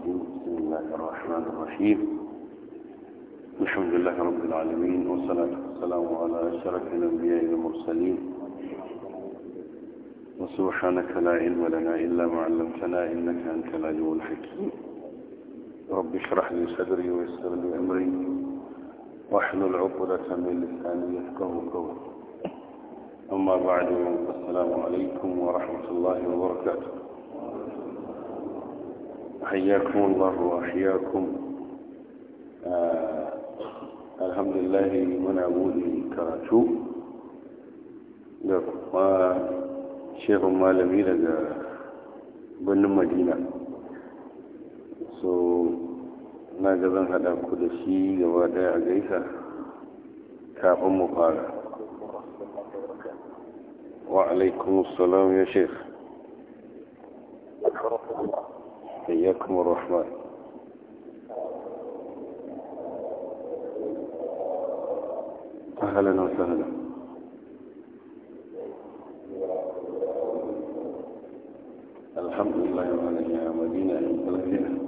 الرجيم بسم الله الرحمن الرحيم الحمد لله رب العالمين والصلاة والسلام على أشرف الأنبياء والمرسلين وسبحانك لا علم لنا إلا ما علمتنا إنك أنت العليم الحكيم رب اشرح لي صدري ويسر لي أمري واحلل عقدة من لساني يفقه قولي أما بعد السلام عليكم ورحمة الله وبركاته حياكم الله وحياكم alhamdulillah muna buɗe karatu da kuma shehun malami daga birnin madina so na ga zan haɗa ku da shi gaba ɗaya gaisa kafin mu fara wa alaikun ya shekh حياكم الرحمن أهلا وسهلا الحمد لله وعلى نعمتنا المتلفين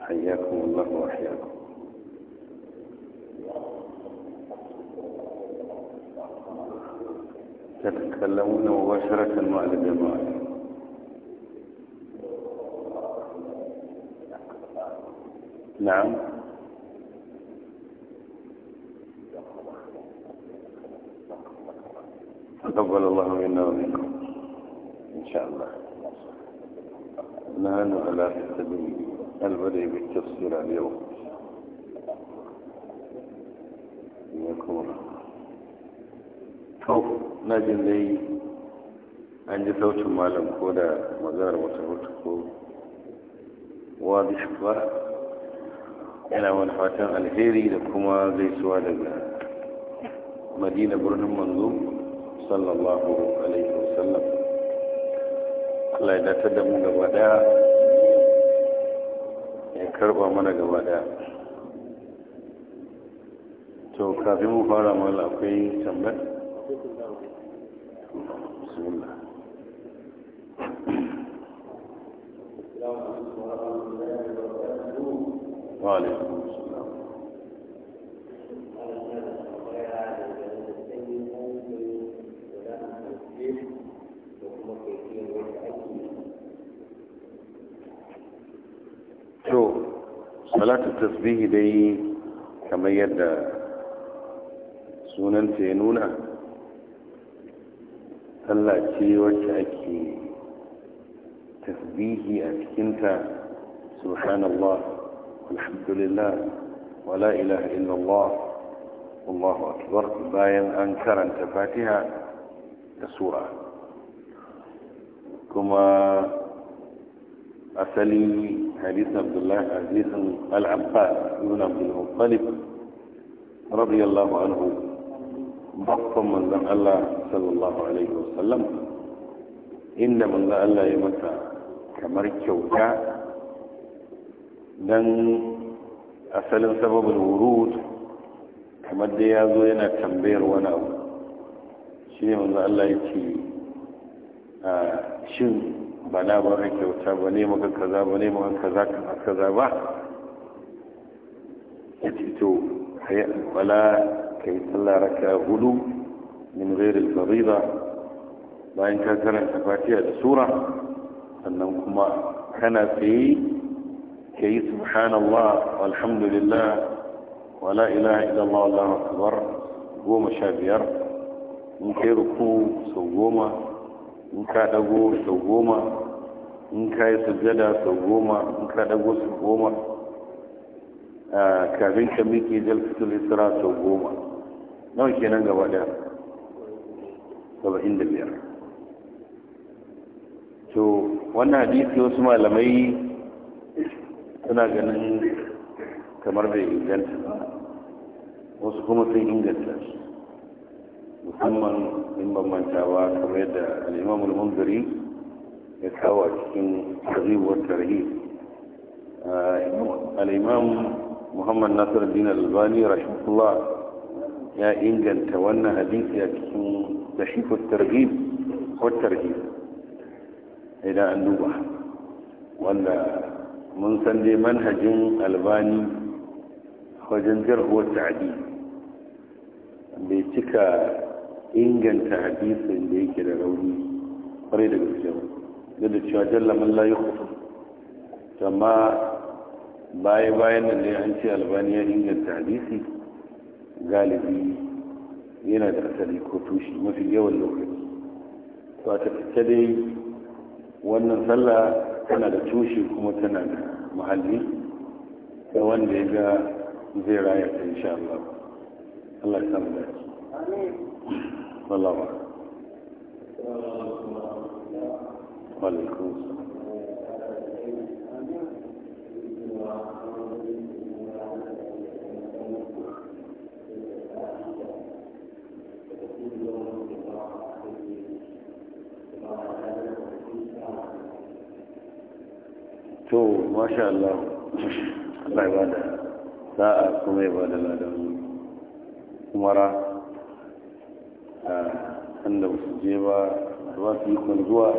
حياكم الله وحياكم تتكلمون مباشرة مع الجماعة نعم تقبل الله منا ومنكم إن شاء الله نحن على سبيل البدء بالتفسير اليوم حياكم الله na jin dai an ji sautin malam ko da maganar wata hutu ko wadi ba yana wani fatan alheri da kuma zai suwa daga madina birnin manzo sallallahu alaihi wasallam Allah ya datar da mu gaba daya ya karba mana gaba daya to kafin mu fara mala akwai tambaya بسم صلاة التسبيح دي كما يد سنن تينونه sallah ce wacce ake tasbihi a cikinta subhanallah alhamdulillah wala ilaha illallah wallahu akbar bayan an karanta fatiha da sura kuma asali hadith abdullah aziz al-abbas ibn abdul muttalib radiyallahu anhu saffan manzon Allah sallallahu alaihi wasallam inda manzon Allah ya masa kamar kyauta don asalin sababin wurud kamar da ya zo yana tambayar wani abu shi ne manzon Allah ya ce shin ba na ba kyauta ba ne maka kaza ba ne maka kaza kaza ba ya ce to wala كي تلارك غلو من غير الفريضة بعين كثرة فاتحة السورة أنهم كما كان في كي سبحان الله والحمد لله ولا إله إلا الله ولا أكبر قوم شابير إن كي ركو سوما إن كادقو سوما إن كي سجدا سوما إن كادقو سوما آه، كابين كميكي جلسة الإسراء سوما آه nawa kenan gaba daya saba'in da biyar to wannan hadisi wasu malamai suna ganin kamar bai inganta ba wasu kuma sun inganta shi musamman in bambantawa kamar yadda al'imamul munziri ya kawo a cikin tarhibuwar tarihi الإمام muhammad ناصر dinar albani رحمه الله ya inganta wannan hadisi a cikin da shi ko targhib ko targhib idan an duba wanda mun san dai manhajin albani wajen jarhuwar ta'adi bai cika inganta hadisin da yake da rauni kwarai da gaske ba da cewa jalla man la yukhfa amma baya bayan nan dai an ce albani ya inganta hadisi galibi yana da asali ko tushi mafi yawan lokaci to a tafiye dai wannan sallah tana da tushi kuma tana da muhalli da wanda ya ga zai raya ta insha Allah Allah ya samu dace amin wallahi wa alaikum assalam wa to masha Allah Allah ya bada sa'a kuma ya bada ladan umara a ah, inda su je ba ba su kun zuwa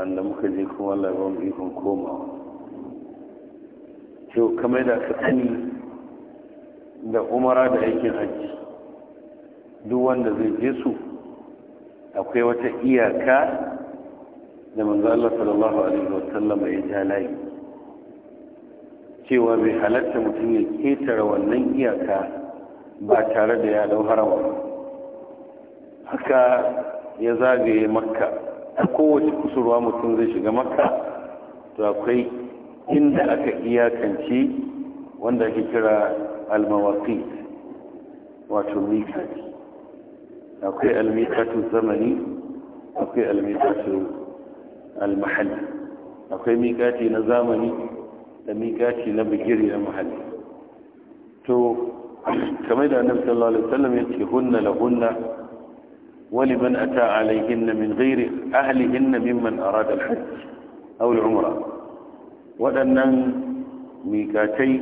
inda muka je kuma Allah ya ba mu ikon koma to kamar da ka sani da umara da aikin hajji duk wanda zai je su akwai wata iyaka da manzo Allah sallallahu alaihi sallam ya ja layi cewa bai halatta mutum ya ketare wannan iyaka ba tare da ya dau harawa haka ya zagaye makka a kowace kusurwa mutum zai shiga makka to akwai inda aka iyakance wanda ake kira almawaqit wato mikati akwai almikatu zamani akwai almikatu almahalli akwai miƙaci na zamani da miƙati na bigiri na mahalli to kamar da annabi sallallahu alaihi wasallam yake hunna la hunna man ata عليهن من غير أهلهن ممن أراد الحج أو العمرة waɗannan miƙatai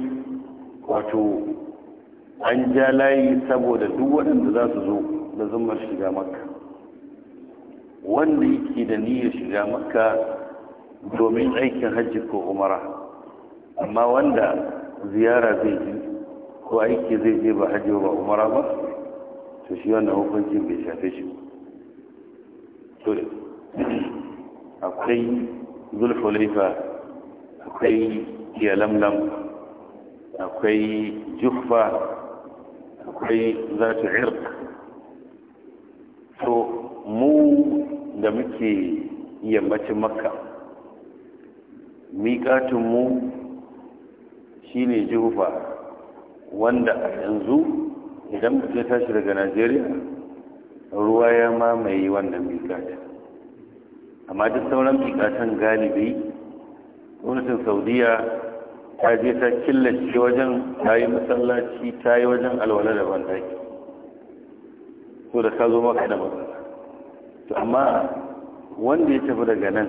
wato an ja layi saboda duk waɗanda za su zo da zumar shiga makka wanda yake da niyyar shiga makka domin aikin hajji ko umara amma wanda ziyara zai ji ko aiki zai je ba hajji ba umara ba to shi wannan hukuncin bai shafe shi to akwai zulfulaifa akwai iyalamlam akwai jufa akwai zatu irka to mu da muke yammacin makka miƙatinmu shi ne jihufa wanda a yanzu idan mutum tashi daga najeriya ruwa ya mamaye wannan miƙatin amma duk sauran miƙatan galibi gwamnatin saudiya ta je ta killace wajen ta yi masallaci ta yi wajen alwala da bandaki ko da ka zo maka da matsala to amma wanda ya tafi daga nan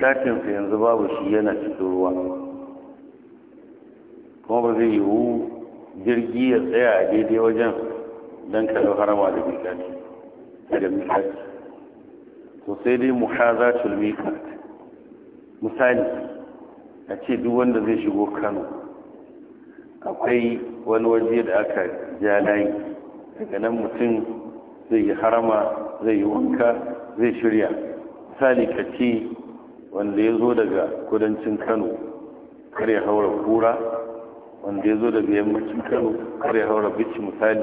katinsa yanzu babu shi yana cikin ruwa kuma ba zai yiwu jirgi ya tsaya a daidai wajen don kaɗau harama da mikati daga mikati to sai dai muhazatul mikat misali a ce duk wanda zai shigo kano akwai wani waje da aka ja layi daga nan mutum zai yi harama zai yi wanka zai shirya misali ci wanda ya zo daga kudancin kano kar ya haura kura wanda ya zo daga yammacin kano kar ya haura bici misali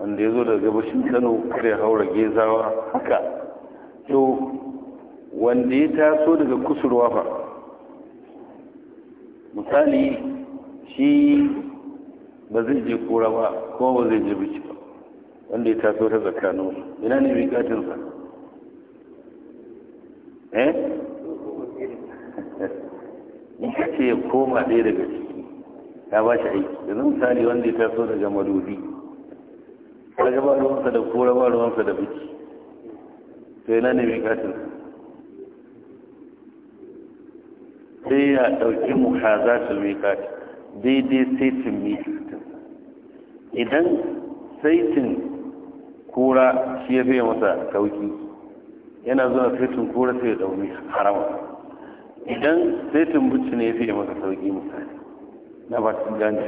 wanda ya zo daga gabashin kano kar ya haura gezawa haka to wanda ya taso daga kusurwa fa misali shi ba zai je kura ba kuma ba zai je bici ba wanda ya taso ta tsakanin ina ne miƙatinsa eh ya ce ya koma ɗaya daga ciki ya ba shi aiki yanzu misali wanda ya taso daga madubi kaga ba ruwansa da kura ba ruwansa da biki to ina ne miƙatinsa sai ya ɗauki muhazatul miƙati daidai saitin miƙatin idan saitin kura shi ya fiye masa kauki yana zuwa saitin kura sai ya dauni harama idan saitin bucci ne ya fiye masa sauki misali na ba su gani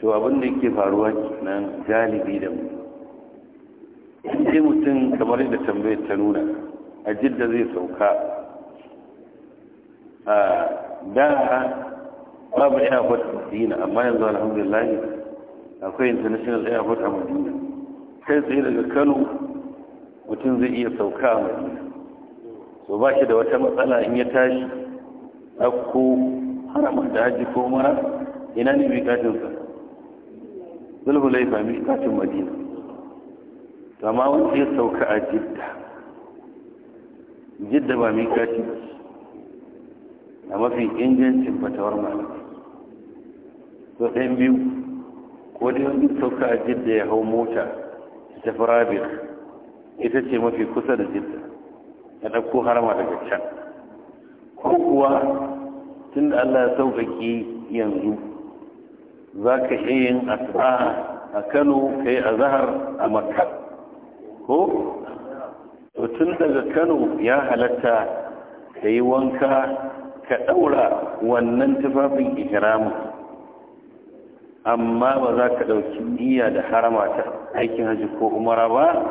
to abin da yake faruwa nan galibi da mu sai mutum kamar yadda tambayar ta nuna a jidda zai sauka a da babu ina kwata dina amma yanzu alhamdulillah akwai international airport a madina kai tsaye daga kano mutum zai iya sauka a madina so ba shi da wata matsala in ya tashi ko haramun da hajji ko mara ina ne bikatinsa zulhu laifa bikatin madina amma wanda ya sauka a jidda jidda ba mikatin a mafi ingancin fatawar malamai so ɗayan biyu wani wanda sauka a jidda ya hau mota ta firabir ita ce mafi kusa da jidda ya ɗauko harama daga can ko kuwa tun da allah ya sauƙaƙe yanzu za ka iya yin asbaha a kano ka yi azahar a makka ko to tun daga kano ya halatta ka yi wanka ka ɗaura wannan tufafin ihramin amma ba za ka ɗauki niyya da harama ta aikin hajji ko umara ba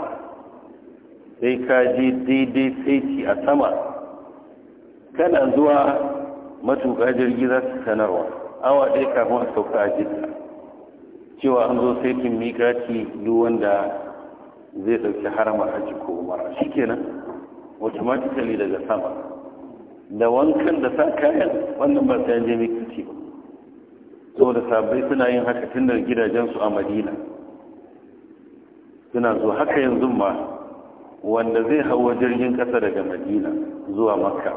sai ka je daidai saiti a sama kana zuwa matuƙa jirgi za su sanarwa awa ɗaya kafin a sauka a jidda cewa an zo saitin miƙaci duk wanda zai ɗauki harama hajji ko umara shi kenan automatically daga sama da wankan da sa kayan wannan ba sai je miƙaci ba saboda sabai suna yin haka tun da gidajensu a madina suna zuwa haka yanzu ma wanda zai hau jirgin kasa daga madina zuwa makka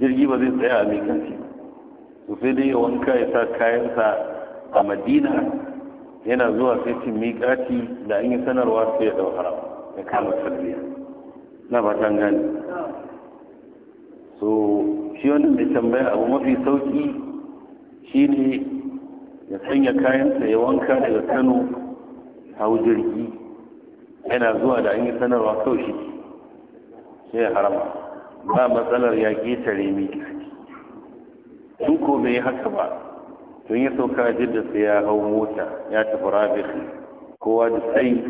jirgi ba zai tsaya a mikanci su sai dai ya wanka ya sa kayansa a madina yana zuwa sai ci miƙaci da an yi sanarwa su ya ɗau haram ya kama tarbiyya na ba gani so shi wannan mai tambaya abu mafi sauki Shi ne ya sanya kayansa ya wanka daga kano hau jirgi yana zuwa da an yi sanarwa kawai shi sai ya harama ba matsalar ya ƙetare miki in ko yi haka ba tun ya sauka jidda sai ya hau mota ya tafi rabik kowa da tsayi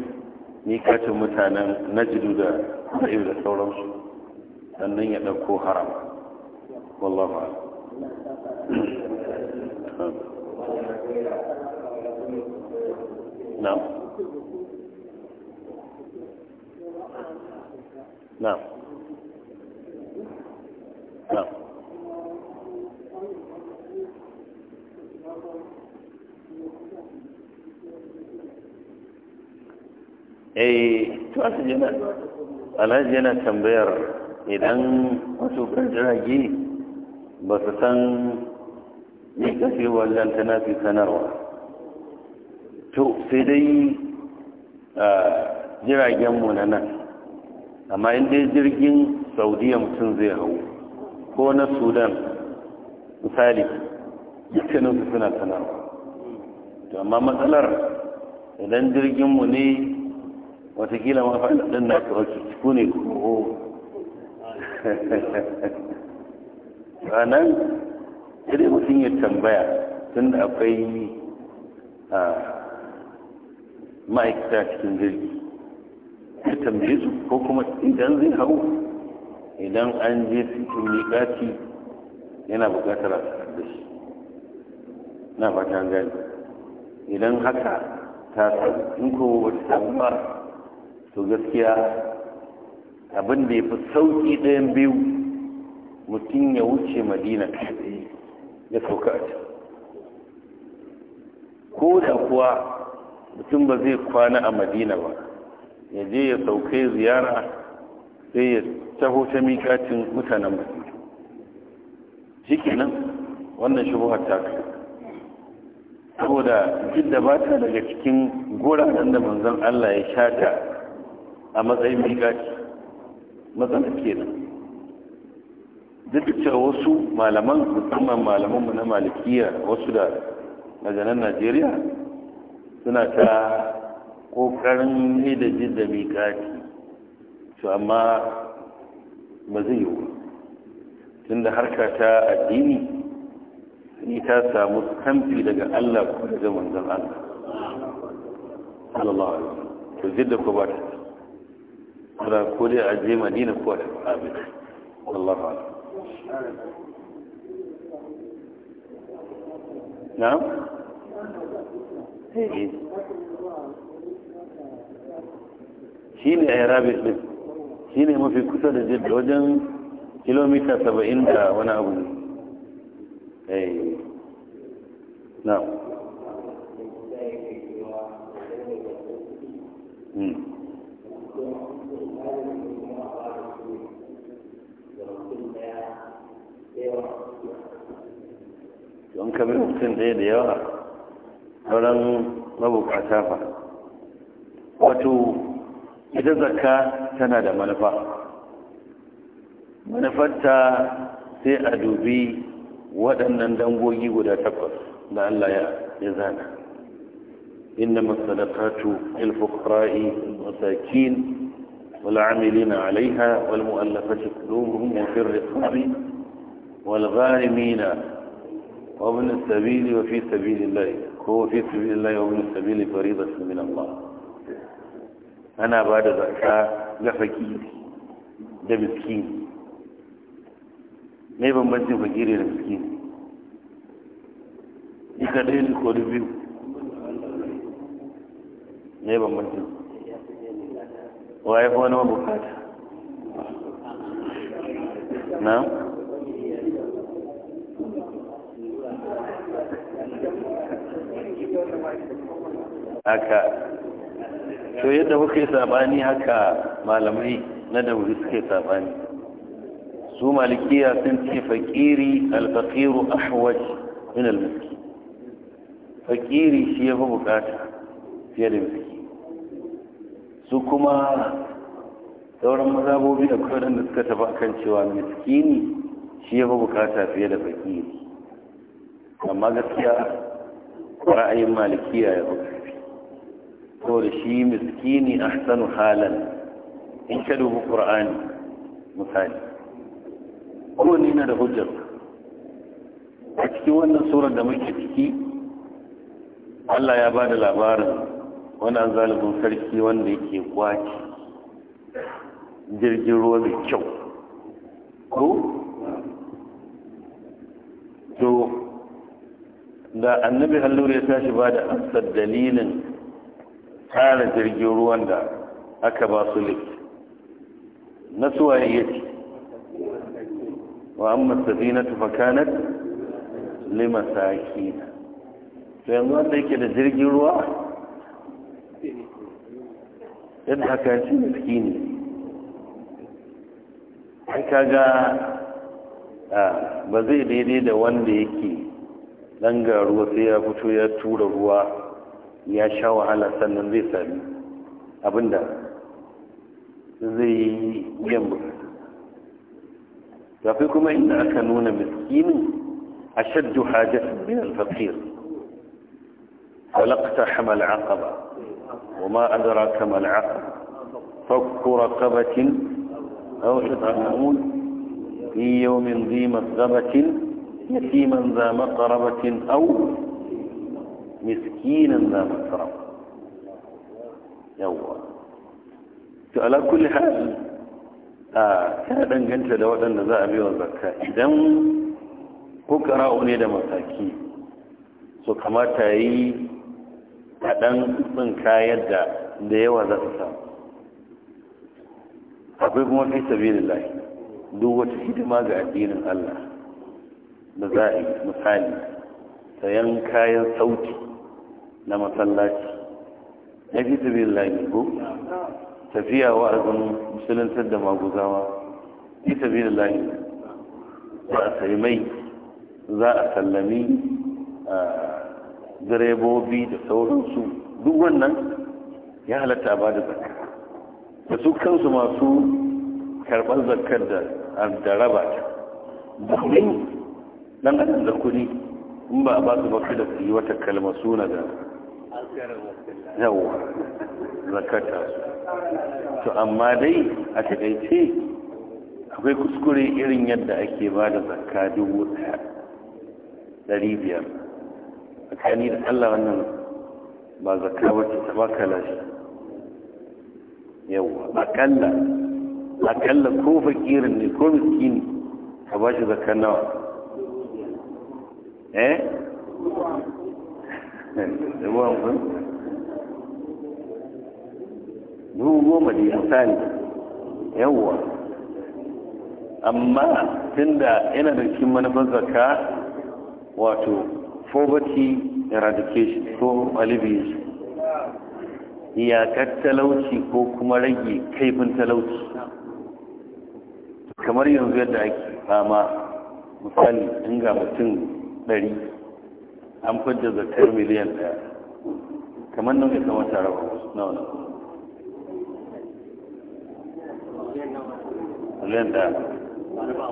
ni kacin mutanen najidu da tsayi da sauransu sannan ya ɗauko harama, wallahu نعم نعم نعم eh to asali yana alhaji yana tambayar idan wasu jirage ba su san ne kafe wannan tana fi sanarwa to sai dai jiragenmu na nan amma in dai jirgin saudiya mutum zai hau ko na sudan misali su suna sanarwa to amma matsalar idan jirgin mu ne watakila mafaɗin na kawaki ku ne ko a sai mutum ya tambaya tun da akwai ma'aikata cikin jirgi ya tambaye su ko kuma idan zai hau idan an je cikin miƙaci yana buƙatar a da shi na fata gani idan haka ta in ko wata samu to gaskiya abin da ya fi sauƙi ɗayan biyu mutum ya wuce madina kai ya sauka a can ko da kuwa mutum ba zai kwana a madina ba ya je ya sauka ziyara sai ya taho ta mikacin mutanen madina shi nan wannan shubuhar ta kai saboda jidda ba ta daga cikin guraren da manzon Allah ya shata a matsayin miƙaci matsalar kenan duk da cewa wasu malaman musamman mu na malikiya wasu da majalan najeriya suna ta ƙoƙarin yi da miƙati su amma ba zai yiwu tun da harka ta addini ni ta samu kamfi daga allah ko daga manzon allah sallallahu alaihi wasallam to jidda ko ba ta ko dai a je madina ko a tafi abin sallallahu alaihi na'am eh. ne mafi kusa da jidda wajen kilomita saba'in da wani abu in ka bi mutum ɗaya da yawa sauran mabukata fa wato ita zakka tana da manufa manufarta sai a dubi waɗannan dangogi guda takwas da Allah ya zana إنما الصدقات للفقراء والمساكين والعاملين عليها والمؤلفة قلوبهم وفي الرقاب والغارمين ومن السبيل وفي سبيل الله هو في سبيل الله ومن السبيل فريضة من الله أنا بعد ذلك لفكير ده مسكين ما يبنبنسي فكيري ده مسكين يكادين يقول بيو ما يبنبنسي وعيفوانا وبكاتا نعم haka to yadda kuka yi sabani haka malamai na da wuri suka yi sabani su malikiya sun ce fakiri alfakiru ahwaj min almiski fakiri shi ya fi bukata fiye da miski su kuma sauran mazabobi da kudin da suka taba kan cewa miskini shi ya fi bukata fiye da fakiri amma gaskiya ra'ayin malikiya ya fi قرشی مسکینی احسن حالا انکلو بو قرآن مثال او نینا ده حجر اکیوان سورة دمشق تکی اللہ یا بعد العبار وانا انزال بن سرکی وان دیکی واچ جرجرو بچو کو تو دا النبي هلوري تاشي بعد أفضل دليلاً tara jirgin ruwan da aka ba su lift na suwaye yake wa amma sabina tufakanat lima sakina to yanzu wanda yake da jirgin ruwa yadda haka shi ne an kaga ba zai daidai da wanda yake dan garuwa sai ya fito ya tura ruwa ya sha wahala sannan zai sami abinda zai yi biyan bukatu tafi kuma inda aka nuna miskini a shaddu hajjata min alfafir hamal خلقت حمل عقبة وما أدراك ما العقبة فك رقبة أو إطعام في يوم ذي مسغبة يتيما ذا مقربة أو miskinan za mu tsara yawwa to ala kulli hal a ta danganta da waɗanda za a biya zakka idan fukara'u ne da masaki so kamata yi a ɗan tsin yadda da yawa za ta samu akwai kuma fi sabirin lahi duk wata hidima ga addinin Allah da za a yi misali sayan kayan sauti na masallaci na fi sabilillahi ko tafiya wa'azin musuluntar da maguzawa fi sabilillahi Ba a sayi mai za a sallami direbobi da sauransu duk wannan ya halatta ba da zakka da su kansu masu karɓar zakar da raba ta domin dan adam da kuɗi in ba a ba su ba su yi wata kalma suna da yawa zakata to amma dai a takaice akwai kuskure irin yadda ake ba da zakka dubu ɗaya ɗari biyar A kani da allah wannan ba zakka ba ce ta baka lashe yawa akalla akalla ko fakirin ne ko miskini ka ba shi zakka nawa eh ruwan kun dubu goma da misali yawwa amma tunda yana da cikin manufar zaka wato poverty eradication ko alleviation iyakar talauci ko kuma rage kaifin talauci kamar yanzu yadda ake fama misali in mutum ɗari an fadda zakar miliyan ɗaya kamar nan ita wata rawa na wani miliyan ɗaya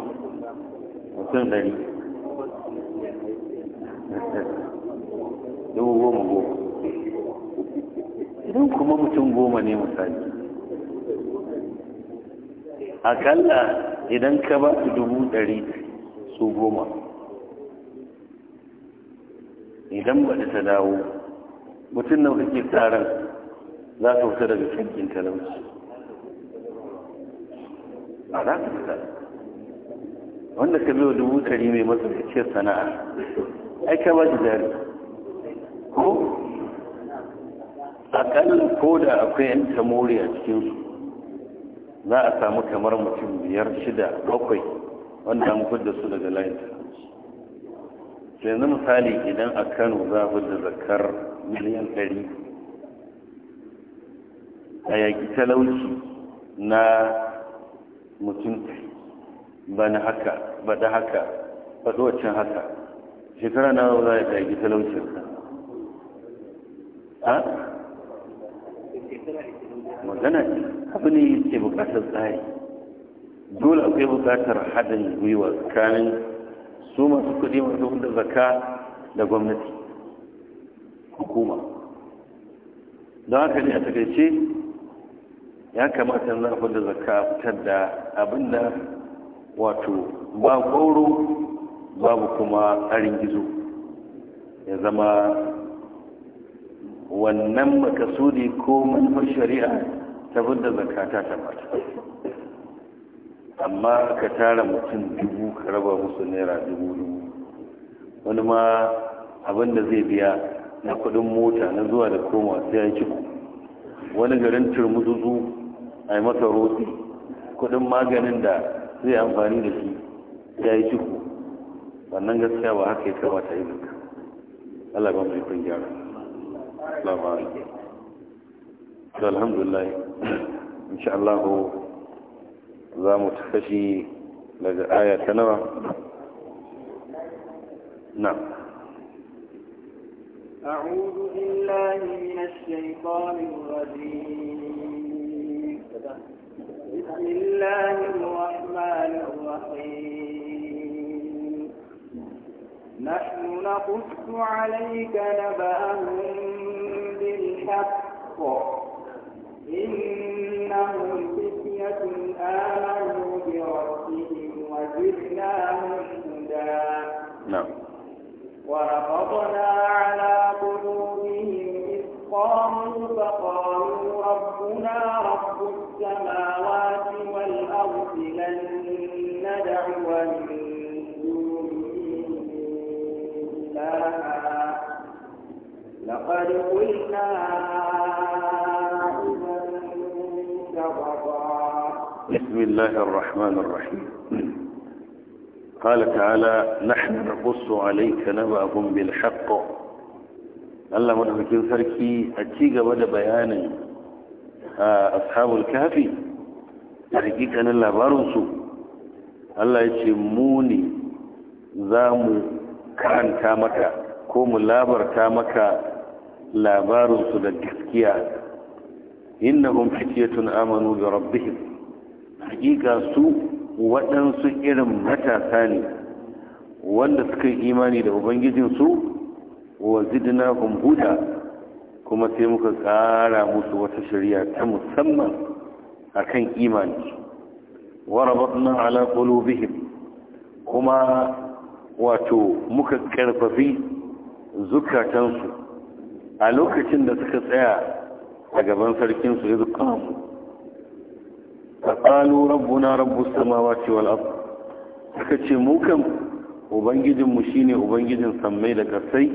mutum ɗari dubu goma goma idan kuma mutum goma ne misali akalla idan ka ba dubu ɗari su goma idan baɗi ta dawo mutum na kake tsaron za ta wuta daga cikin talauci a za ka fita wanda ka biyo dubu ɗari mai matsakaiciyar sana'a ai ka ba shi jari ko aƙalla ko da akwai 'yan tamori a cikinsu za a samu kamar mutum biyar shida bakwai wanda an da su daga layin yanzu misali idan a kano za a da zakar miliyan ɗari a yaƙi talauci na mutum ba na haka ba da haka ba tsocin haka shekara na za a yaƙi talaucin ka ha? magana abu ne ke bukatar tsari dole akwai bukatar haɗin gwiwa tsakanin su masu kuɗi masu hudu zakka da gwamnati hukuma don haka ne a takaice ya kamata na hudu zakka fitar da abin da wato ba goro babu kuma arin gizo ya zama wannan makasudi ko manufar shari'a ta da zakka ta tabbata amma ka tara mutum dubu ka raba musu naira dubu dubu wani ma abin da zai biya na kudin mota na zuwa da koma sai ya kiku wani garin turmuzuzu a yi masa rotsi kudin maganin da zai amfani da shi ya yi kiku wannan gaskiya ba haka ya kamata yi duka Allah ba mai kun gyara Allah ba alhamdulillah insha Allah za mu tashi آية aya نعم أعوذ بالله من الشيطان الرجيم بسم الله الرحمن الرحيم نحن نقص عليك نبأهم بالحق إنهم نعم وربطنا على قلوبهم إذ فقالوا ربنا رب السماوات والأرض لن ندعو من دونه إلها لقد قلنا الله الرحمن الرحيم قال تعالى نحن نقص عليك نبأهم بالحق الله مدفكين سركي أتيق بدا بيانا أصحاب الكهف حقيقة أن الله بارنسو الله يتموني زامو كان تامكا كوم لابر تامكا labarinsu da gaskiya innahum fitiyatun amanu bi rabbihim hakika su waɗansu irin matasa ne wanda suka yi imani da ubangijinsu wa zidnahum huda kuma sai muka ƙara musu wata shari'a ta musamman a kan imani wara ala qulubihim kuma wato muka ƙarfafi zukatansu a lokacin da suka tsaya a gaban sarkinsu ya zukansu faƙalo rabbuna rabbu samawati wal ard aka ce mu kan ubangijin mu shine ubangijin sammai da kasai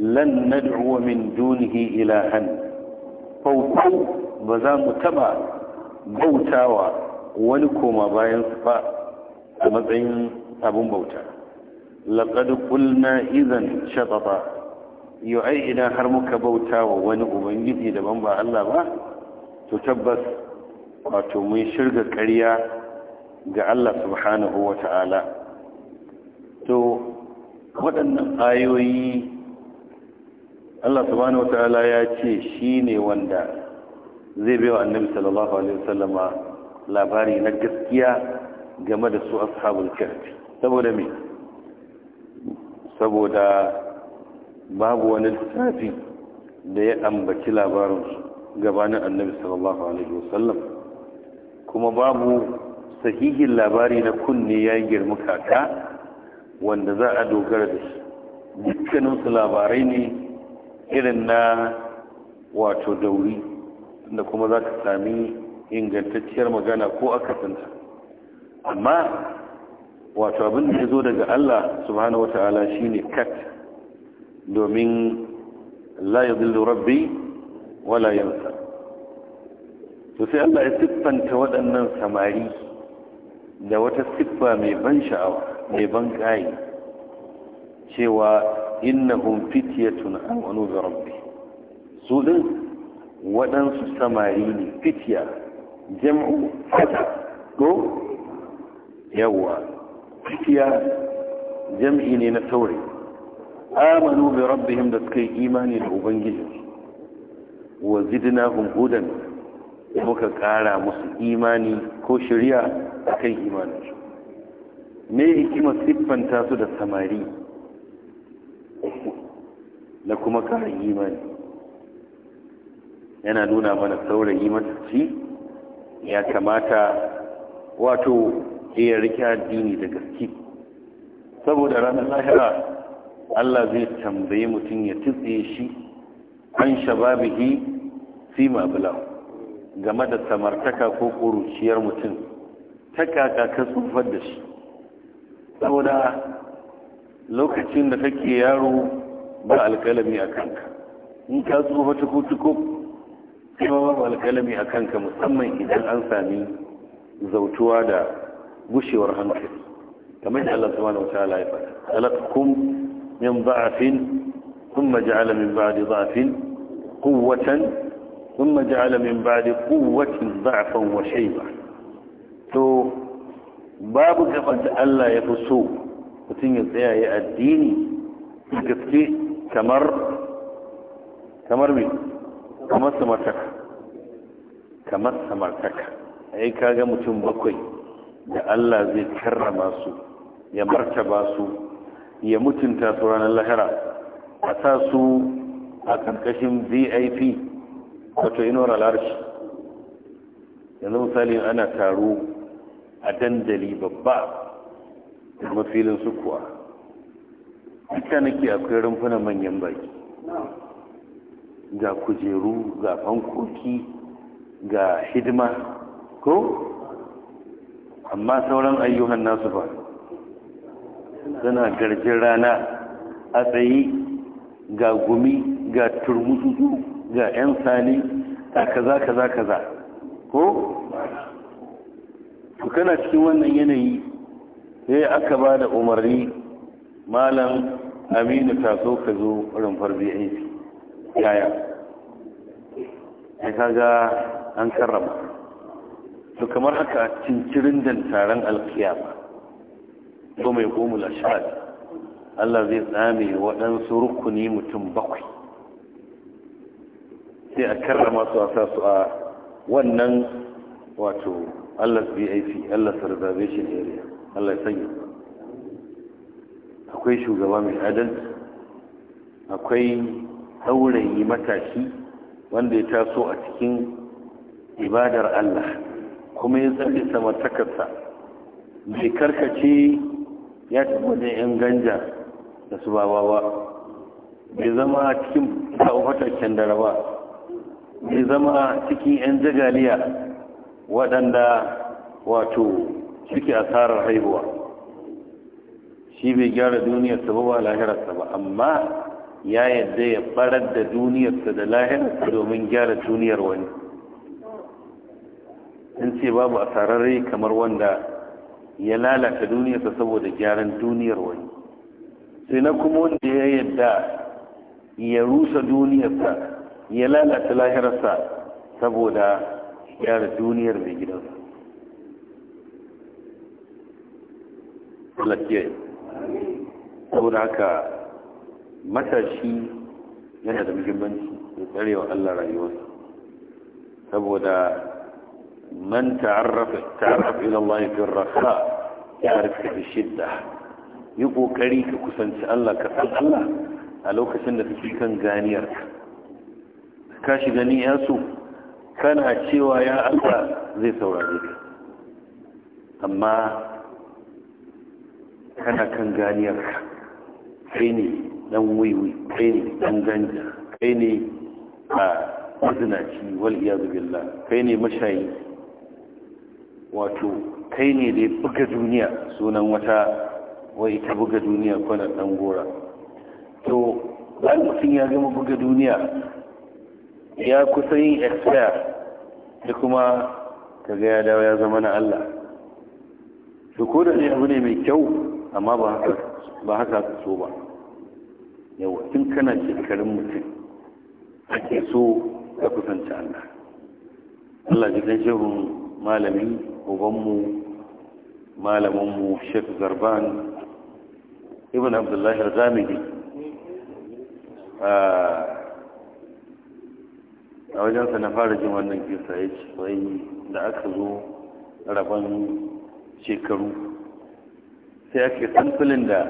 lan nad'u min dunihi ilahan fauko ba za mu taba bautawa wani koma bayan su ba a matsayin abun bauta laqad qulna idan shatata yu'ayna har muka bautawa wani ubangiji daban ba Allah ba to tabbas wato mun shirga ƙarya ga Allah subhanahu wa ta'ala to waɗannan ayoyi Allah subhanahu wa ta'ala ya ce shi ne wanda zai bewa annabi sallallahu alaihi wasallama labari na gaskiya game da su ashabul kahfi saboda me saboda babu wani lissafi da ya ambaci labarin gabanin annabi sallallahu alaihi wasallam kuma babu sahihin labari na kunne ya girma kaka wanda za a dogara da shi dukkaninsu labarai ne irin na wato dauri da kuma za ka sami ingantacciyar magana ko akasinta amma wato abin da ya zo daga Allah subhanahu wa ta'ala shi ne kat domin la yadillu rabbi wala yansa to sai Allah ya siffanta waɗannan samari da wata siffa mai ban sha'awa mai ban ƙayi cewa innahum fityatun amanu bi rabbi su din waɗansu samari ne fitya jam'u fata ko yawwa? fitya jam'i ne na saurayi amanu bi rabbihim da suka yi imani da ubangijinsu wa zidnahum hudan muka ƙara musu imani ko shirya a kan imaninsu me hikima siffanta su da samari na kuma ƙara imani yana nuna mana saurayi matacci ya kamata wato ya rike addini da gaske saboda ranar lahira Allah zai tambaye mutum ya tutse shi an shababihi fi ma bulahu game da samartaka ko ƙuruciyar mutum ta kaka ka tsufar da shi saboda lokacin da kake yaro ba alƙalami a kanka in ka tsufa tukutuku kuma ba alƙalami a kanka musamman idan an sami zautuwa da gushewar hankali kamar da Allah subhanahu wa ta'ala ya faɗa alakum min ba'fin thumma ja'ala min ba'di dha'fin quwwatan ثم جعل من بعد قوة ضعفا وشيبة to babu gaban da Allah ya fi so mutum ya tsaya ya addini gaske kamar kamar me kamar samartaka kamar samartaka ai kaga mutum bakwai da Allah zai karrama su ya martaba su ya mutunta su ranar lahara. a sa su a karkashin B.I.P. wato inuwar larshi yanzu misali ana taro a dandali babba da su sukuwa ita nake akwai rumfuna manyan baki ga kujeru ga fankoki ga hidima ko amma sauran ayyuhan nasu ba suna garjin rana a tsaye ga gumi ga turmutu. ga 'yan sani a kaza kaza kaza ko? kana cikin wannan yanayi sai aka ba da umarni malam aminu ta so ka zo rumfar vip yaya ya kaga an karrama to kamar haka cincirin dan taron alkiyama ko mai komula shahad Allah zai tsame waɗansu rukuni mutum bakwai sai a karrama su a sa su a wannan wato allah's vip allah's reservation area allah ya sanya akwai shugaba mai adalci akwai saurayi matashi wanda ya taso a cikin ibadar allah kuma ya tsaye takarsa mai karkace ya tafi wajen 'yan ganja da su ba bai zama cikin fatakken kyan daraba mai zama cikin 'yan jagaliya waɗanda wato suke asarar haihuwa shi bai gyara duniyarsa ba ba lahirarsa ba amma ya yadda ya barar da duniyarsa da lahirarsa domin gyara duniyar wani in ce babu asararre kamar wanda ya lalata duniyarsa saboda gyaran duniyar wani sai na kuma wanda ya yadda ya rusa duniyarsa ya lalata lahirarsa saboda gyara duniyar mai gidansa lafiya saboda haka matashi yana da muhimmanci ya tsarewa Allah rayuwarsa saboda man ta'arrafa ta'arrafa ila Allah fi ya harfi da shidda yi ƙoƙari ka kusanci Allah ka san Allah a lokacin da kake kan ganiyarka ka shiga niyyarsu kana cewa ya Allah zai saurare ka amma kana kan ka kai ne dan wiwi kai ne dan ganja kai ne a mazinaci wal'iyazu billah kai ne mashayi wato kai ne da ya buga duniya sunan wata wai ta buga duniya kwanan dan gora to bayan mutum ya gama buga duniya ya kusa yin expire da kuma ta ya dawo ya zama na Allah to ko da ne abu ne mai kyau amma ba haka su so ba yawa tun kana shekarun mutum ake so ka kusanci Allah Allah ji kan shehun malami ubanmu malaminmu shek Zarban Ibn Abdullahi Al zamidi. Ah, a wajensa na fara jin wannan kisa ya ce wai da aka zo rabon shekaru sai ake samfulin da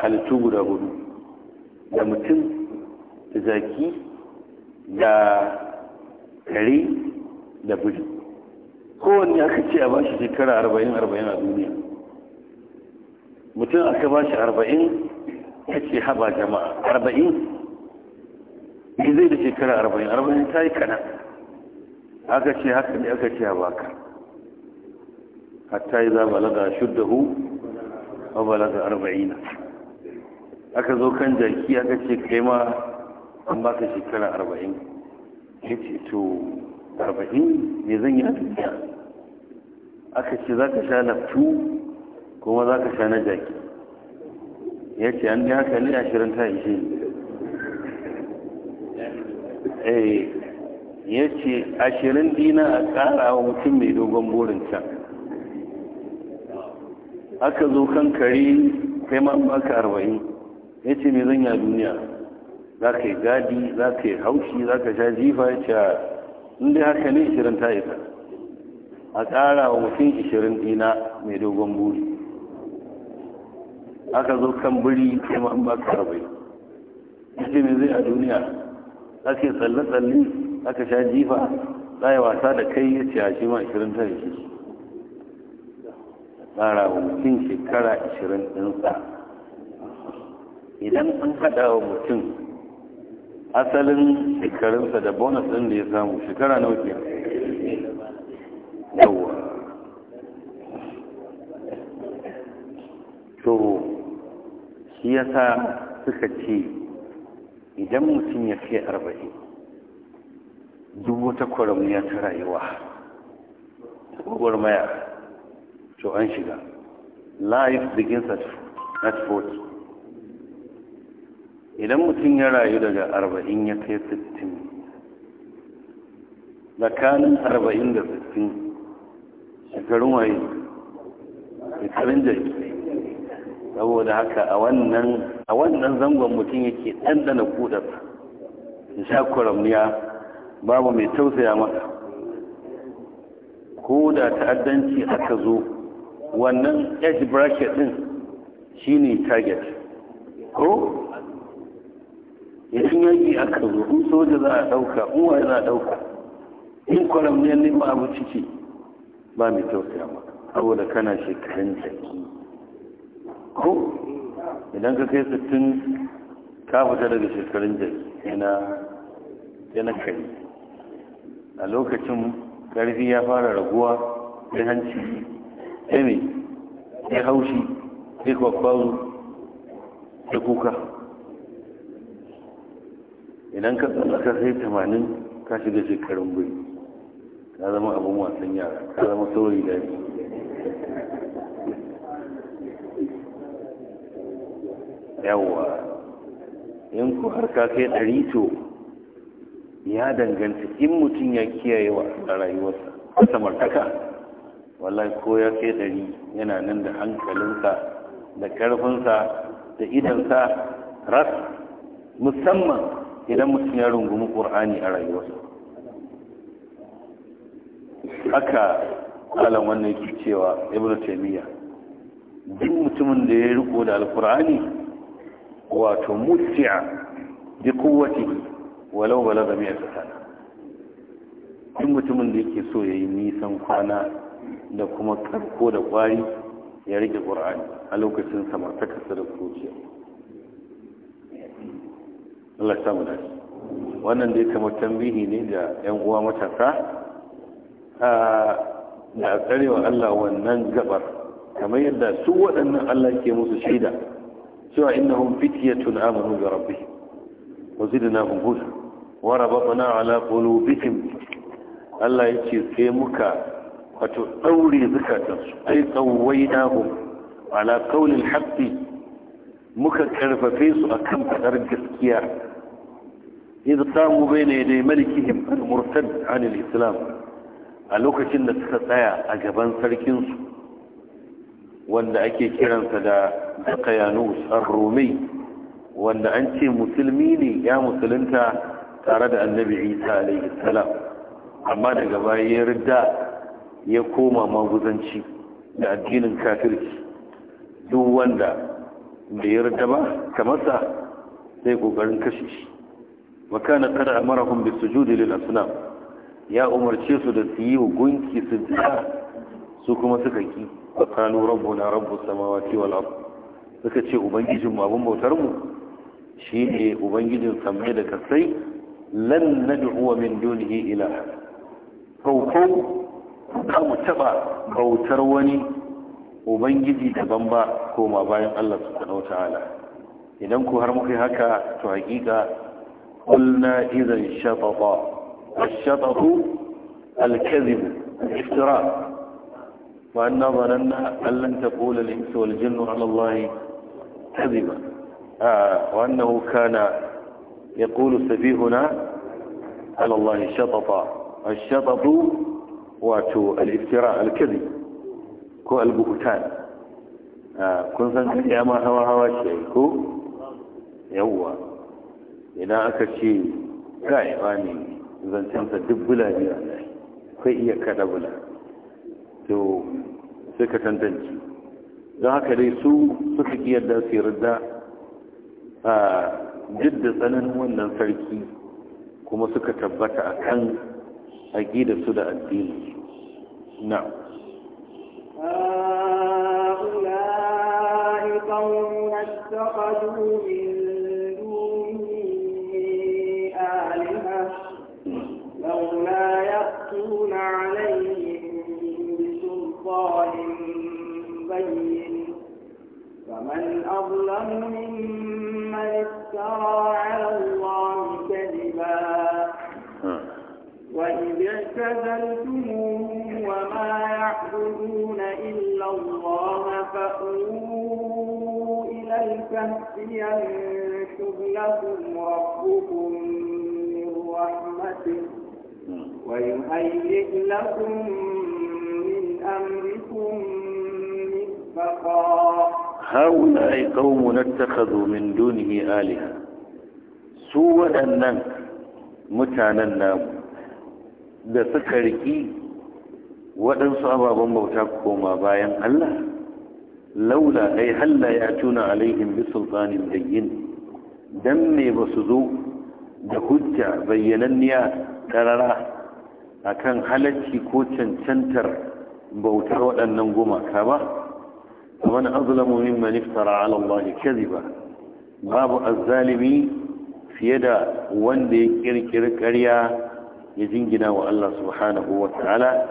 halittu guda hudu da mutum da zaki da kare da budu kowanne aka ce a bashi shekara arba'in arba'in a duniya mutum aka bashi arba'in ya ce haba jama'a arba'in ni zai da shekara arba'in arba'in ta yi kana aka ce haka ne aka ce a baka hatta yi za balaga shuddahu a balaga arba'ina aka zo kan jaki aka ce kai ma an baka shekara arba'in ya ce to arba'in ne zan yi a tafiya aka ce za ka sha laftu kuma za ka sha na jaki ya ce an yi haka ne ashirin ta ishe ne Eh, ya ce ashirin dina a ƙara wa mutum mai dogon burin can aka zo kan kari kai ma ka arba'in ya ce mai zanya duniya za ka yi gadi za ka yi haushi za ka sha jifa ya ce inda haka ne ashirin ta isa a ƙara wa mutum ashirin dina mai dogon buri aka zo kan buri kai ma ka arba'in ya ce mai zai a duniya ake tsalle-tsalle aka sha jifa ya wasa da kai ya ce a shi ma 20 ta yake tsara wa mutum shekara 20 ɗinsa idan an haɗa wa mutum asalin shekarunsa da bonus ɗin da ya samu shekara na wuce yawa to shi yasa suka ce idan mutum ya kai arba'in dubu takwarar ya ta rayuwa gwagwarmaya maya to an shiga life begins at 40 idan mutum ya rayu daga arba'in ya kai sittin tsakanin arba'in da sittin shekarun waye shekarun jari saboda haka a wannan a wannan zangon mutum yake ɗanɗana kudarsa sha kuramniya babu mai tausaya masa ko da ta'addanci aka zo wannan edge bracket din shine target ko idan yaki aka zo in soja za a ɗauka in waye za a ɗauka in kwaramniyar ba abu ciki ba mai tausaya maka saboda kana shekarun jaki ko idan ka kai sittin ka fita daga shekarun jirgin yana yana kai a lokacin ƙarfi ya fara raguwa sai hanci ya mai sai haushi sai kwakwaru sai kuka idan ka tsallaka sai tamanin ka shiga shekarun buri ka zama abin wasan yara ka zama sauri da yawwa in ku har kai ɗari to ya danganta in mutum ya kiyaye wa a rayuwarsa a samartaka wallahi ko ya kai ɗari yana nan da hankalinsa da ƙarfinsa da idansa ras musamman idan mutum ya rungumi ƙur'ani a rayuwarsa haka alam wannan ke cewa ibn taymiya duk mutumin da ya riko da alƙur'ani wato mutiya bi kuwati walau balaga mai tana, duk mutumin da yake so ya yi nisan kwana da kuma karko da kwari ya rage ƙur'ani a lokacin samartakarsa da kuciya Allah samu shi wannan dai kamar tambihi ne da 'yan uwa matasa da tsarewa Allah wannan gabar kamar yadda su waɗannan Allah ke musu shaida. cewa innahum fityatun amanu bi rabbihim wa zidnahum huda wa rabatna ala qulubihim Allah yace sai muka wato daure zukatansu ai qawainahum ala qawli al-haqqi muka karfafe su akan fadar gaskiya إذ قاموا بين يدي ملكهم المرتد عن الإسلام a lokacin da suka tsaya a gaban sarkinsu wanda ake kiransa da Dakayanus ar-Rumi wanda an ce musulmi ne ya musulunta tare da Annabi Isa alaihi salam amma daga baya ya ridda ya koma maguzanci da addinin kafirci duk wanda bai yarda ba kamarsa sai kokarin kashe shi wa kana qad amarahum bisujudi lil asnam ya umarce su da su yi gunki sujda su kuma suka ki a kanu rabu na rabu samawa wal ard suka ce ubangijin abin bautar mu shi ne ubangijin samai da kasai lan nad'u min dunihi ila. kaukau ba mu taba bautar wani ubangiji daban ba koma bayan Allah subhanahu ta'ala. idan ku har muka yi haka to hakika qulna idan shatata الشطط الكذب الافتراء وأنا ظننا أن لن تقول الإنس والجن على الله كذبا آه وأنه كان يقول سفيهنا على الله شططا الشطط واتو الافتراء الكذب كو البهتان آه كن سن ما هوا هوا شيء كو يوا إذا أكشي كاي واني زنتم تدبلا بي والله كي يكذبلا to sai ka tantance don haka dai su suka ki yadda su yarda a duk tsananin wannan sarki kuma suka tabbata a kan aƙida su da addini na لولا يأتون عليه بين فمن أظلم ممن افترى على الله كذبا وإذ اعتزلتموهم وما يعبدون إلا الله فأووا إلى الكهف ينشر لكم ربكم من رحمته ويهيئ لكم من أمركم هؤلاء قوم اتخذوا من دونه آلهة su waɗannan mutanen نام da suka riƙi waɗansu ababen bauta koma bayan Allah laula ai halla ya tuna alaihim bi sultanin bayyin dan me ba su zo da hujja bayyananniya a akan halacci ko cancantar bautar waɗannan gumaka ba ومن أظلم ممن افترى على الله كذبا باب الظالمي في يد وندي كركر كريا يجنجنا والله سبحانه وتعالى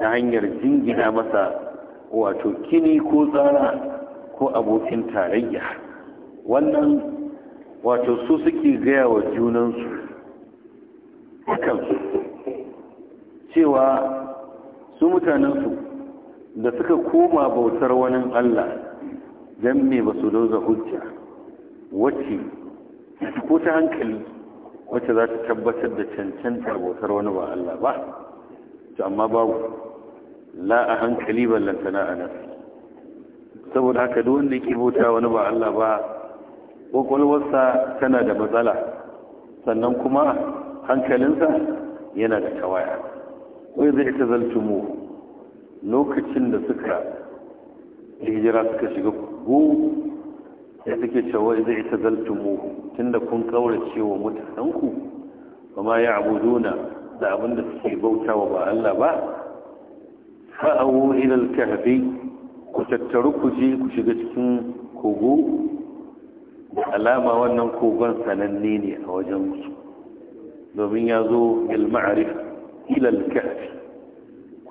تهنجر جنجنا مسا وتكني كوزارا كو أبوكين تاريح wannan wato su suke gaya wa junansu kansu cewa su mutanensu da suka koma bautar wani Allah don me ba su dauza hujja wacce ko ta hankali wacce za ta tabbatar da cancantar bautar wani ba Allah ba to amma babu la a hankali lantana a nan saboda haka duk wanda ke bauta wani ba Allah ba kwakwalwarsa tana da matsala sannan kuma hankalinsa yana da tawaya wai zai ta zaltumu lokacin da suka hijira suka shiga go sai suke cewa idza itazaltumu tunda kun kaurace wa mutanenku kuma ya abuduna da abin da suke bautawa ba Allah ba fa'awu ilal kahfi ku tattaru ku je ku shiga cikin kogo da alama wannan kogon sananne ne a wajen su domin ya zo ilma'arif ilal kahfi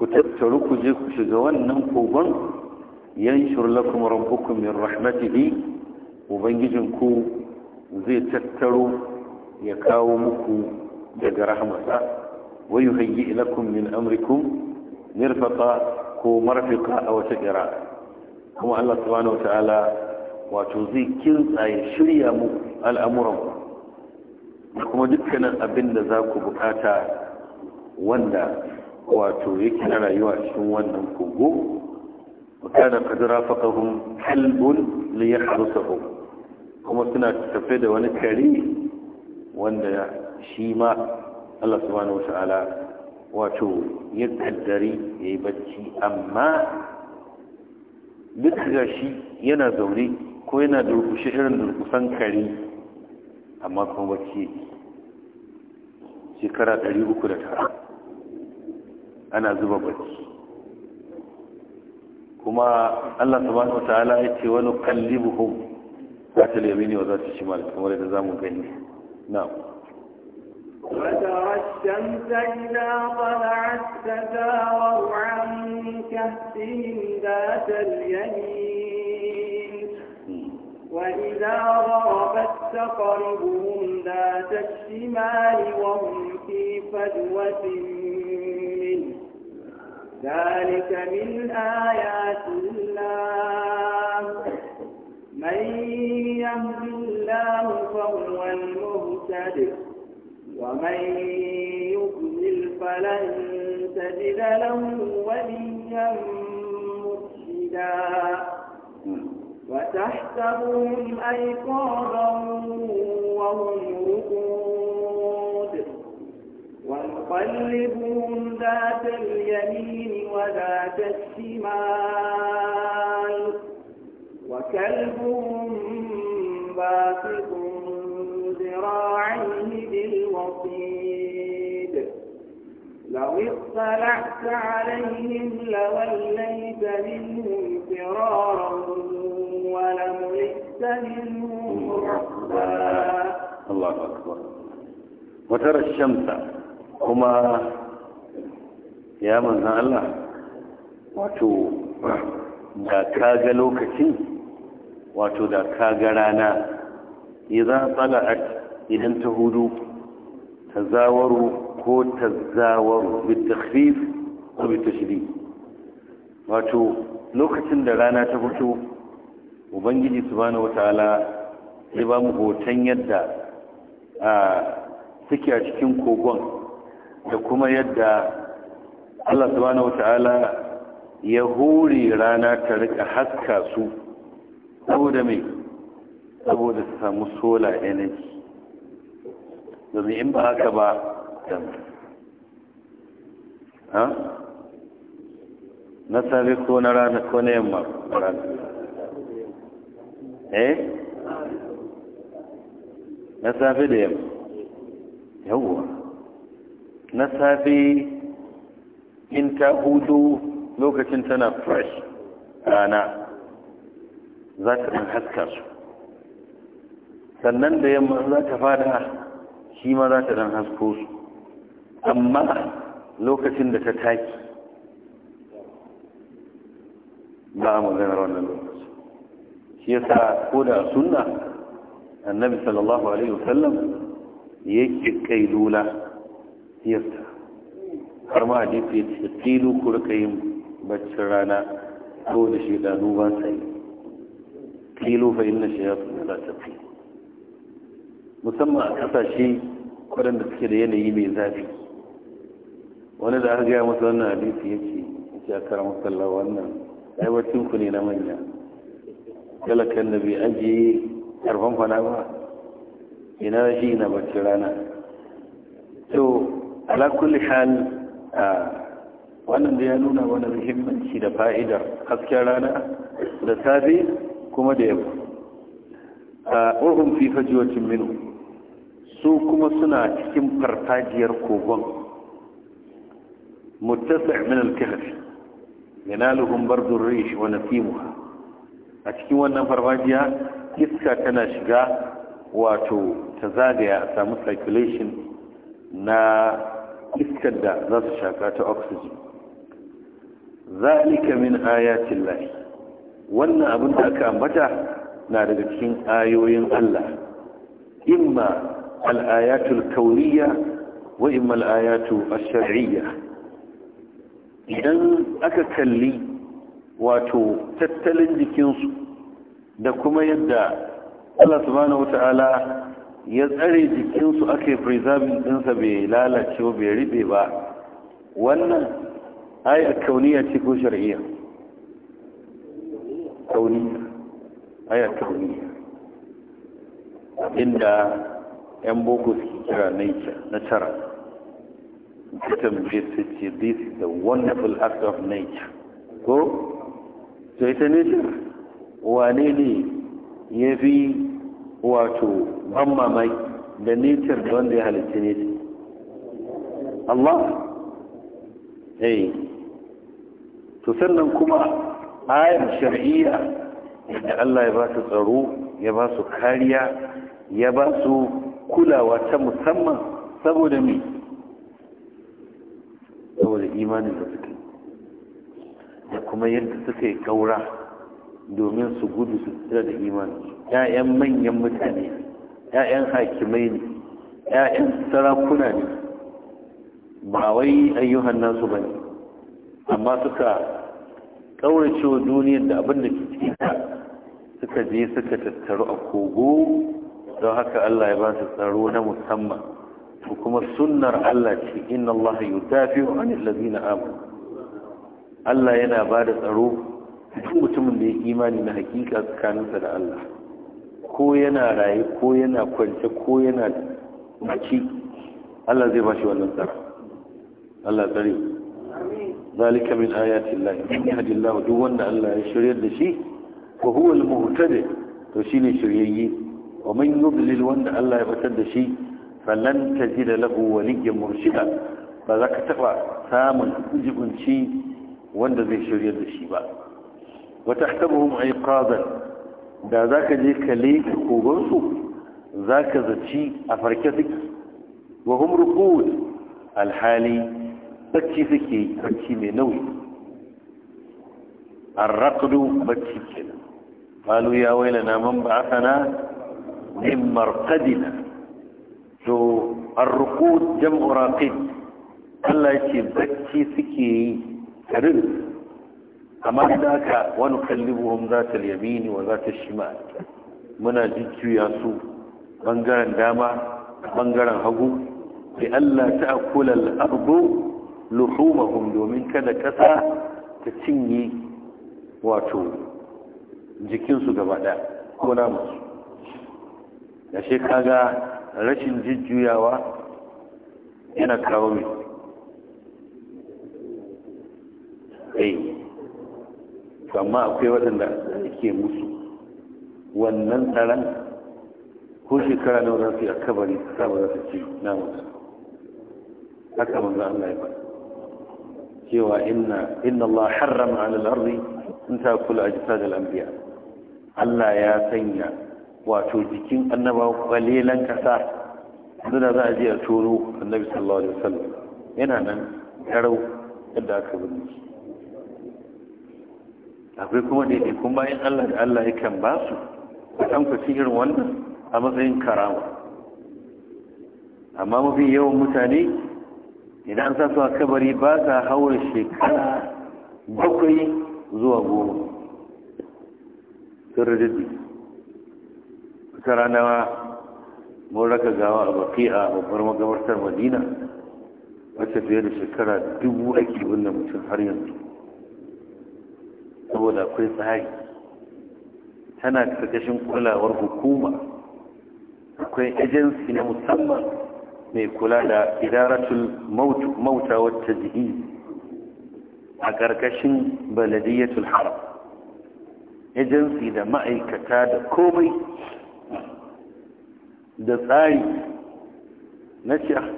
ku tattaru ku je ku shiga wannan kogon yanshur lakum rabbukum min rahmatihi ku zai tattaro ya kawo muku daga rahmasa wa yuhayyi lakum min amrikum mirfaqa ko marafika a wata kira kuma Allah subhanahu wataala wato zai kintsa ya shirya muku al'amuran kuma dukkanin abin da za ku bukata wanda wato yake na rayuwa cikin wannan kogo وكان قد رافقهم li ليحرسهم kuma suna tafe da wani kare wanda shi ma Allah subhanahu wata'ala wato ya kaddari ya yi bacci amma duk ga shi yana zaune ko yana durkushe irin durkusan kare amma kuma bacci shekara tara. ana zuba bacci kuma Allah subhanahu wataala ya ce wani kallibuhum za ta yamini wa za ta shimal kamar da zamu gani na'am وترى الشمس إذا طلعت تتاور عن كهفهم ذات اليمين وإذا غربت تقربهم ذات الشمال وهم في فجوة منه ذلك من آيات الله من يهد الله فهو المهتد ومن يضلل فلن تجد له وليا مرشدا وتحسبهم أيقاظا وهم رقود ونقلبهم ذات اليمين وذات الشمال وكلبهم باسط ذراعيه بالوصيد لو اطلعت عليهم لوليت منهم فرارا ولملئت منهم رحبا الله أكبر وترى الشمس kuma ya manzan Allah wato da ka ga lokacin wato da ka ga rana idan tsala'at idan ta hudu ta zawaru ko ta zawaru bitakhfif ko bitashri wato lokacin da rana ta fito ubangiji subhanahu wataala ya ba mu hoton yadda a suke a cikin kogon da kuma yadda Allah subhanahu wata'ala ya huri rana ta rika haska su saboda mai saboda su samu solar energy domin in ba haka ba dan ha na safe ko na rana ko na yamma rana eh na safe da yamma yawwa na safe in ta hudu lokacin tana fresh rana za ta ɗan haska su sannan da yamma za ta fada shi ma za ta ɗan hasko su amma lokacin da ta taki ba a maganar wannan lokaci shi yasa ko da sunna annabi sallallahu alaihi wasallam yake kai lula yasta har ma da ya ce tilu ku yin baccin rana ko da da ba sa yi tilu fa inna shayatun la tafi musamman a kasashe waɗanda suke da yanayi mai zafi wani da aka gaya masa wannan hadisi ya ce ya ce a kara masalla wannan aiwacin ku ne na manya talakan da bai ajiye karfan fana ba ina shi na baccin rana to ala kulli hal wannan da ya nuna wani muhimmanci da fa'idar hasken rana da safe kuma da yamma wahum fi fajiwatin minu su kuma suna cikin farfajiyar kogon mutasa min al-kahfi yanaluhum bardur rish wa nasimuha a cikin wannan farfajiya iska tana shiga wato ta zagaya a samu circulation na iskar da za su shaka ta oxygen zalika min ayatin lahi wannan abin da aka ambata na daga cikin ayoyin Allah imma al'ayatul kauniya wa imma al'ayatu ash idan aka kalli wato tattalin jikinsu da kuma yadda Allah subhanahu ya tsare jikinsu ake preserving ɗinsa bai lalace bai riɓe ba wannan ai a kauniya ce ko shari'a kauniya ai a kauniya inda 'yan boko suke kira na tara kitan b ce this is the wonderful act of nature ko to ita nature wane ne ya fi wato ban mamaki da nitar da wanda ya halitta nitar Allah eh to sannan kuma ayar shar'iyya da Allah ya ba su tsaro ya ba su kariya ya ba su kulawa ta musamman saboda me saboda imanin da suke da kuma yadda suka yi kaura domin su gudu su tsira da imanin ‘ya'yan manyan mutane ‘ya'yan hakimai ne ‘ya'yan sarakuna ne ba wai ayyuhan nasu ba ne amma suka ƙaurace wa duniyar da abin da ke cikin suka je suka tattaru a kogo don haka Allah ya ba su tsaro na musamman to kuma sunnar Allah ce inna Allah yudafi'u wani ladina abu. Allah yana ba da tsaro duk mutumin da ya imani na hakika tsakaninsa da Allah ko yana raye ko yana kwance ko yana maci Allah zai bashi wannan tsara Allah tsari. zalika min ayati Allah in yahdi Allah duk wanda Allah ya shiryar da shi fa huwa al-muhtadi to shine shiryayye wa man yudlil wanda Allah ya batar da shi falan tajida lahu waliyyan murshida ba za ka taba samun jibunci wanda zai shiryar da shi ba wa tahtabuhum aiqadan da za ka je ka leka kogonsu za ka zaci a farke suke wa hum rukud alhali bacci suke bacci mai nauyi arraqdu bacci kenan qalu ya wailana man ba'athana min marqadina to arruqud jam'u raqib Allah ya ce bacci suke yi karin amma da haka wani kallibuhum za ta yamini wa za ta shima muna jujjuya su bangaren dama bangaren hagu da Allah ta akula al'ardu luhumahum domin kada kasa ta cinye wato jikinsu gaba ɗaya ko namansu da shi kaga rashin jujjuyawa yana kawo mai amma akwai waɗanda ke musu wannan tsaron ko shekara na za su yi a kabari su saba za su ci ce namun haka manzo Allah ya faɗa cewa inna inna Allah harrama ala al-ardi in ta kula ajsad al-anbiya Allah ya sanya wato jikin annaba kwalelan kasa suna za a je a turo annabi sallallahu alaihi wasallam yana nan garau yadda aka binne akwai kuma kuma bayan Allah da Allah yakan ba su kusankwacin irin wannan a matsayin karama amma mafi yawan mutane idan an sasuwa kabari ba sa haura shekara bakwai zuwa goma sun rajadi wata rana mun raka gawa a baki a babbar magabartar madina wacce fiye da shekara dubu ake wannan mutum har yanzu saboda akwai tsari tana karkashin kulawar hukuma akwai agency na musamman mai kula da idaratul mauta wata jihi a karkashin baladiyatul haram agency da ma'aikata da komai da tsari na ce ah,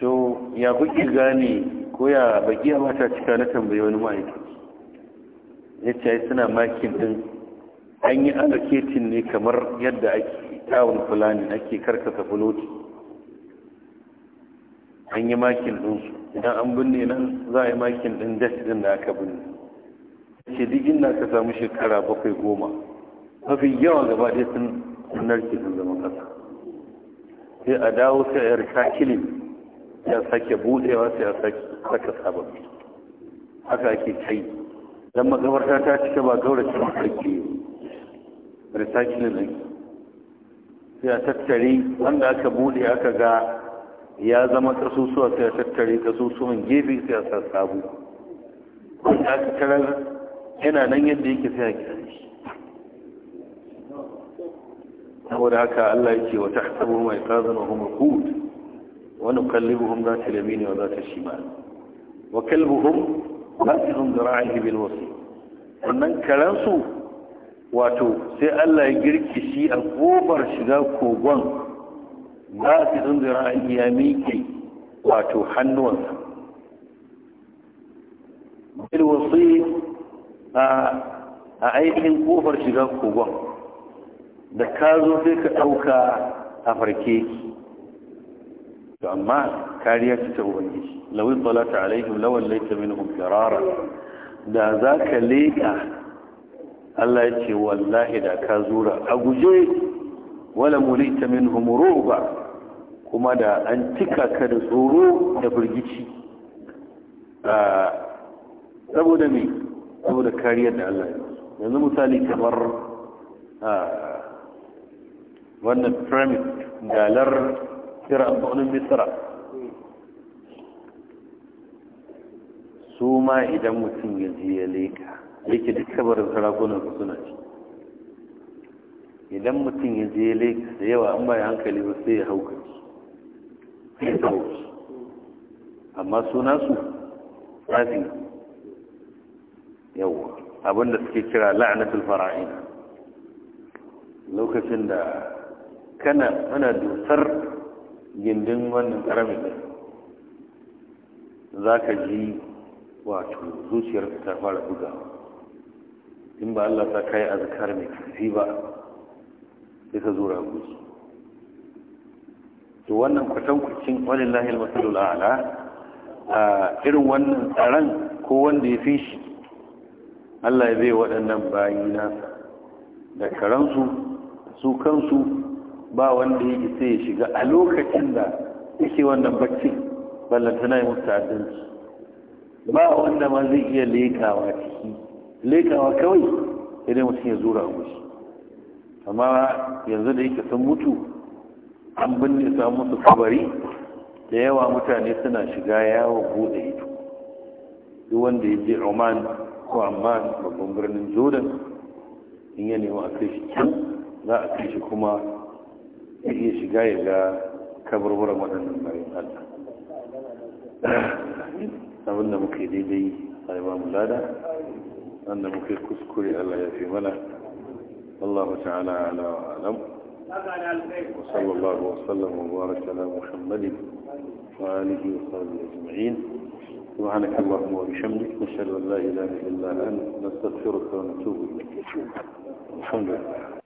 to ya buki gane ko ya baki ya mata cika na tambayi wani ma'aikata ya ce suna makin din an yi alaketin ne kamar yadda ake tawon fulani ake karkasa fuloti an yi makin din idan an binne nan za a yi makin din das din da aka binne ce duk inda ka samu shekara bakwai goma mafi yawa gaba ɗaya sun narke sun zama ƙasa sai a dawo sai a yarka ya sake buɗewa sai a sake saka sababbi haka ake kai dan magabarta ta cika ba gaurace ba ake recycling ne sai a tattare wanda aka bude aka ga ya zama kasusuwa sai a tattare kasusuwan gefe sai a sassabu wanda aka karar yana nan yadda yake sai a kira shi saboda haka Allah yake wa tahsabu mai qazana hum qut wa za ta shi ma wa وكلبهم nasirun zara'ihi bil wasi wannan karansu wato sai Allah ya girki shi a gobar shiga kogon za nasirun zara'ihi ya miƙe wato hannuwansa bil wasi a ainihin kofar shiga kogon da ka zo sai ka ɗauka a farke to amma kariya ce ta ubangiji lawin salata alaihim lawan laita minhum firara da za ka leƙa Allah ya ce wallahi da ka zura a guje wala mulita minhum ruba kuma da an cika ka da tsoro da firgici saboda me saboda kariyar da Allah yanzu misali kamar wannan pyramid galar kira amfanin misra su ma idan mutum ya ji ya leka yake duk kabarin sarakunan su suna ci idan mutum ya je leka da yawa an bai hankali ba sai ya hau sai ya amma suna su tsafi yawa abinda suke kira la'anatul fara'ina lokacin da kana ana dusar gindin wannan karamin za ka ji wato zuciyar ta fara bugawa in ba Allah ta kai azkar mai kafi ba sai ka zura guji to wannan kwatankwacin walillahi almasalul a'la a irin wannan tsaron ko wanda ya fi shi Allah ya bai waɗannan bayi nasa da karansu su kansu ba wanda ya isa ya shiga a lokacin da yake wannan baccin ballantana ya mutu adalci ba wanda ma zai iya lekawa ciki lekawa kawai idan mutum ya zura gushi amma yanzu da yake sun mutu an binne sa musu kabari da yawa mutane suna shiga yawon bude ido duk wanda ya je oman ko amma babban birnin jordan in ya nema a kai shi can za a kai shi kuma ya iya shiga ya ga kabarwaran waɗannan bayan allah abinda muke daidai a yi mu lada wanda muke kuskure Allah ya fi mana Allah ta'ala ala wa alam وصلى الله وسلم وبارك على محمد وآله وصحبه أجمعين سبحانك اللهم وبحمدك نشهد أن لا إله إلا أنت نستغفرك ونتوب إليك الحمد لله